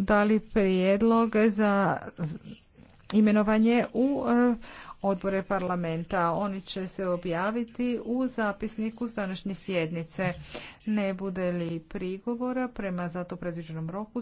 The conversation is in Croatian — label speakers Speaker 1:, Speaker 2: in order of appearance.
Speaker 1: dali prijedlog za imenovanje u e, odbore parlamenta. Oni će se objaviti u zapisniku današnje sjednice. Ne bude li prigovora prema zato predviđenom roku